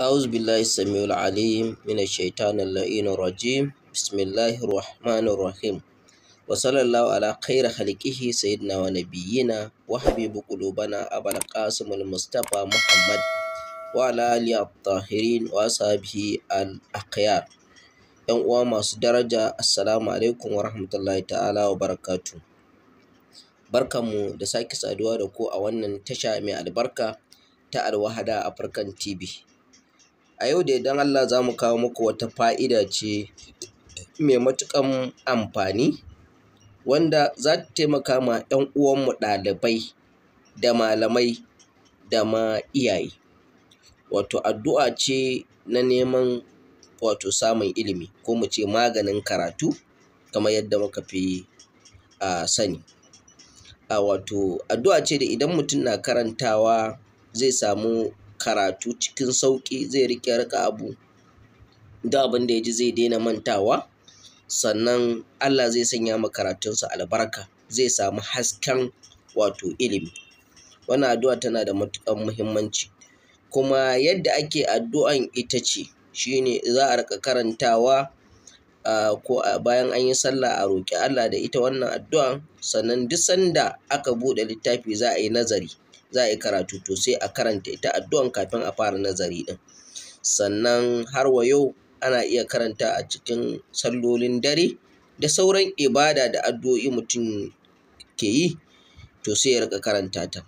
أعوذ بالله السميع العليم من الشيطان اللعين الرجيم بسم الله الرحمن الرحيم وصلى الله على خير خلقه سيدنا ونبينا وحبيب قلوبنا أبا القاسم المصطفى محمد وعلى آله الطاهرين وأصحابه الأخيار ‘Yan uwa masu daraja, Assalamu alaikum wa rahmatullahi ta'ala wa barakatu. Barkanmu da sake saduwa da ku a wannan tasha mai albarka ta Alwahada African TV. A yau da idan Allah za mu kawo muku wata fa'ida ce mai matuƙan amfani wanda za ta taimaka ma 'yan uwanmu ɗalibai da malamai da ma iyaye. Wato addu'a ce na neman wato samun ilimi ko mu ce maganin karatu kamar yadda muka fi a sani. A wato addu'a ce da idan mutum na karantawa zai samu karatu cikin sauƙi zai riƙe rika abu da abin da ya ji zai daina mantawa sannan Allah zai sanya ma karatunsa albarka zai samu hasken wato ilimi wannan addu'a tana da matuƙar muhimmanci kuma yadda ake addu'an ita ce shine za a riƙa karantawa ko bayan an yi sallah a roƙi Allah da ita wannan addu'an sannan duk sanda aka buɗe littafi za a yi nazari za a yi karatu to sai a karanta ita addu'an kafin a fara nazari din, sannan har wa yau ana iya karanta a cikin sallolin dare da sauran ibada da addu'o'i mutum ke yi to sai ya rika karanta ta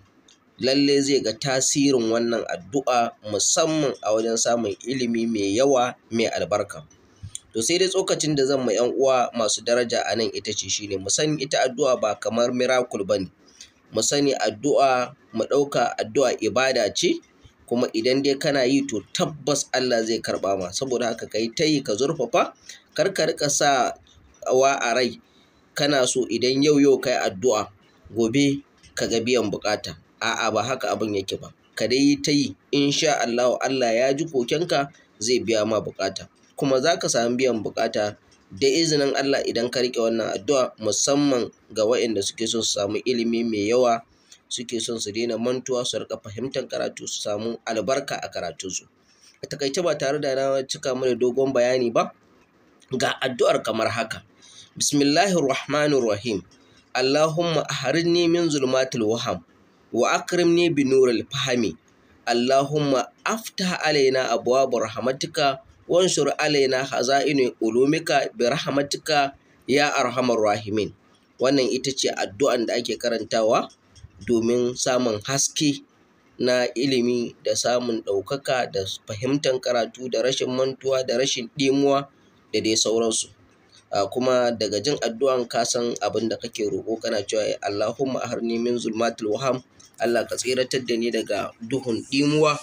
lalle zai ga tasirin wannan addu'a musamman a wajen samun ilimi mai yawa mai albarka to sai dai tsokacin da zan ma 'yan uwa masu daraja a nan ita ce shine mu san ita addu'a ba kamar miracle bane mu sani addu'a mu ɗauka addu'a ibada ce kuma idan dai kana yi to tabbas Allah zai karɓa ma saboda haka ka yi ta yi ka zurfafa kar ka rika sa wa a rai kana so idan yau yau ka addu'a gobe ka ga biyan bukata a'a ba haka abin yake ba ka dai yi ta yi insha Allah Allah ya ji kokenka zai biya ma bukata kuma za ka samu biyan bukata da izinin Allah idan ka riƙe wannan addu'a musamman ga waɗanda suke son su samu ilimi mai yawa suke son su daina mantuwa su rika fahimtar karatu su samu albarka a karatunsu a takaice ba tare da na cika mana dogon bayani ba ga addu'ar kamar haka bismillahir rahmanir rahim allahumma ahrinni min zulmatil waham wa akrimni bi nuril fahmi allahumma aftah alaina abwaab rahmatika وانشر علينا خزائن علومك برحمتك ya arhamar rahimin wannan ita ce addu'an da ake karantawa domin samun haske na ilimi da samun ɗaukaka da fahimtar karatu da rashin mantuwa da rashin ɗimuwa da dai sauransu a kuma daga jin addu'an ka san abin da kake roƙo kana cewa eh, Allahumma harni min zulmatul waham Allah ka tsiratar da ni daga duhun ɗimuwa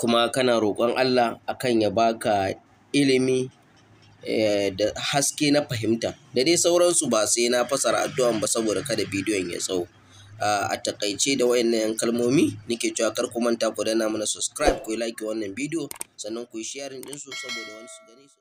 kuma kana roƙon Allah akan ya baka ilimi eh, da haske na fahimta da dai sauransu ba sai na fasara addu'an ba saboda kada bidiyon ya tsawo a takaice da wayannan kalmomi nake cewa kar ku manta ku dana mana subscribe ku like wannan bidiyo sannan ku yi sharing din su saboda wani su gane su